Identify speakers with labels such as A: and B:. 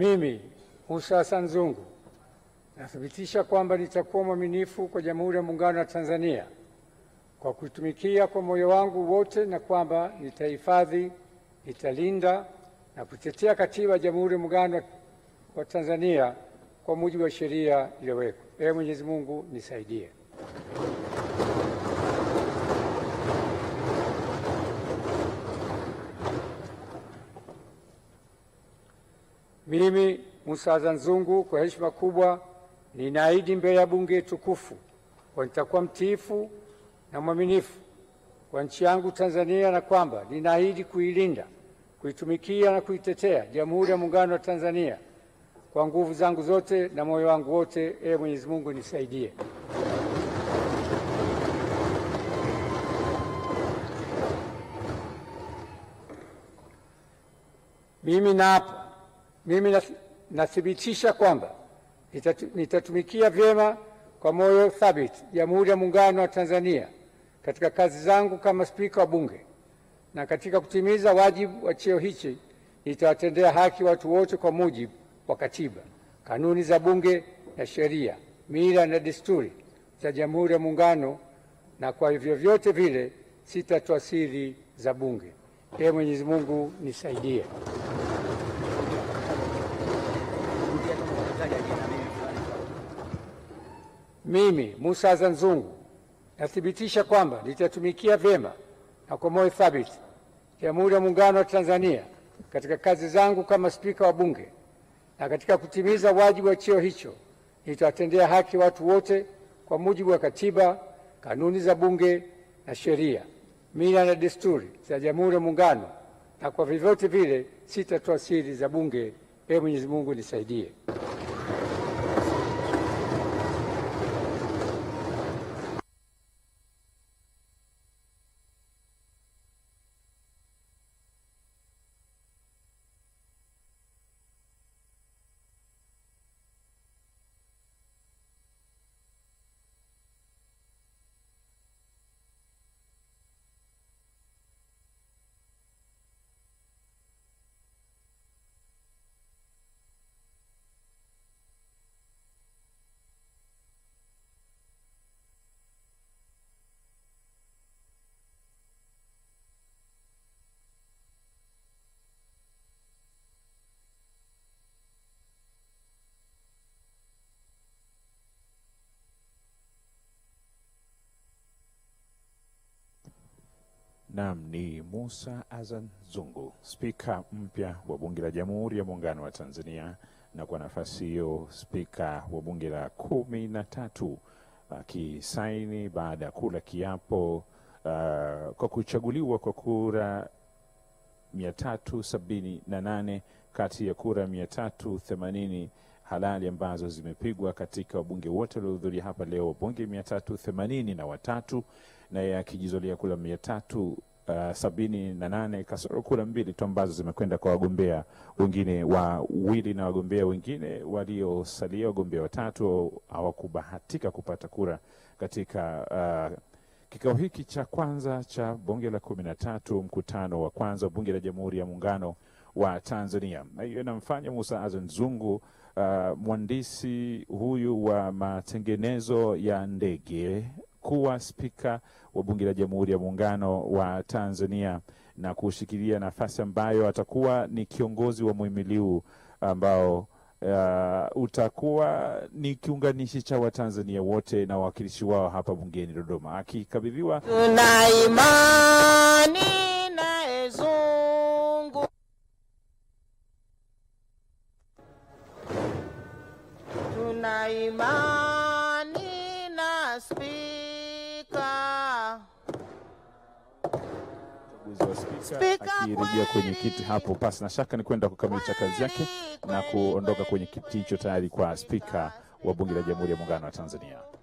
A: Mimi Mussa Hassan Zungu nathibitisha kwamba nitakuwa mwaminifu kwa Jamhuri ya Muungano wa Tanzania kwa kuitumikia kwa moyo wangu wote na kwamba nitahifadhi, nitalinda na kutetea Katiba ya Jamhuri ya Muungano wa Tanzania kwa mujibu wa sheria iliyowekwa. Ee Mwenyezi Mungu nisaidie.
B: Mimi Musa Azzan Zungu kwa heshima kubwa ninaahidi mbele ya bunge tukufu kwa nitakuwa mtiifu na mwaminifu kwa nchi yangu Tanzania na kwamba ninaahidi kuilinda, kuitumikia na kuitetea Jamhuri ya Muungano wa Tanzania kwa nguvu zangu zote na moyo wangu wote. Ee Mwenyezi Mungu nisaidie.
C: Mimi naapa mimi nathibitisha kwamba nitatumikia vyema kwa moyo thabiti Jamhuri ya Muungano wa Tanzania katika kazi zangu kama Spika wa Bunge, na katika kutimiza wajibu wa cheo hichi nitawatendea haki watu wote kwa mujibu wa Katiba, kanuni za Bunge na sheria, mila na desturi za Jamhuri ya Muungano, na kwa vyovyote vile sitatoa siri za Bunge. Ee Mwenyezi Mungu nisaidie.
D: Mimi musa Azzan Zungu nathibitisha kwamba nitatumikia vyema na kwa moyo thabiti Jamhuri ya Muungano wa Tanzania katika kazi zangu kama Spika wa Bunge, na katika kutimiza wajibu wa cheo hicho nitawatendea haki watu wote kwa mujibu wa Katiba, kanuni za Bunge na sheria, mila na desturi za Jamhuri ya Muungano, na kwa vyovyote vile sitatoa siri za Bunge. Ee Mwenyezi Mungu nisaidie.
E: Naam, ni musa azan Zungu, spika mpya wa bunge la Jamhuri ya Muungano wa Tanzania, na kwa nafasi hiyo spika wa bunge la kumi na tatu akisaini baada ya kula kiapo uh, kwa kuchaguliwa kwa kura nane kati ya kura 380 halali ambazo zimepigwa katika wabunge wote waliohudhuria hapa leo, wabunge mia tatu themanini na watatu naye akijizolia kula mia tatu uh, sabini na nane kasoro kura mbili tu ambazo zimekwenda kwa wagombea wengine wawili na wagombea wengine waliosalia, wagombea watatu hawakubahatika kupata kura katika uh, kikao hiki cha kwanza cha bunge la kumi na tatu, mkutano wa kwanza wa bunge la Jamhuri ya Muungano wa Tanzania. Hiyo inamfanya Musa Azan Zungu uh, mwandisi huyu wa matengenezo ya ndege kuwa spika wa bunge la Jamhuri ya Muungano wa Tanzania na kushikilia nafasi ambayo atakuwa ni kiongozi wa muhimiliu ambao Uh, utakuwa ni kiunganishi cha Watanzania wote na wawakilishi wao hapa bungeni Dodoma akikabidhiwa
F: tuna imani
E: akirejea kwenye kiti hapo, pasi na shaka ni kwenda kukamilisha kazi yake na kuondoka kwenye kiti hicho tayari kwa spika wa bunge la Jamhuri ya Muungano wa Tanzania.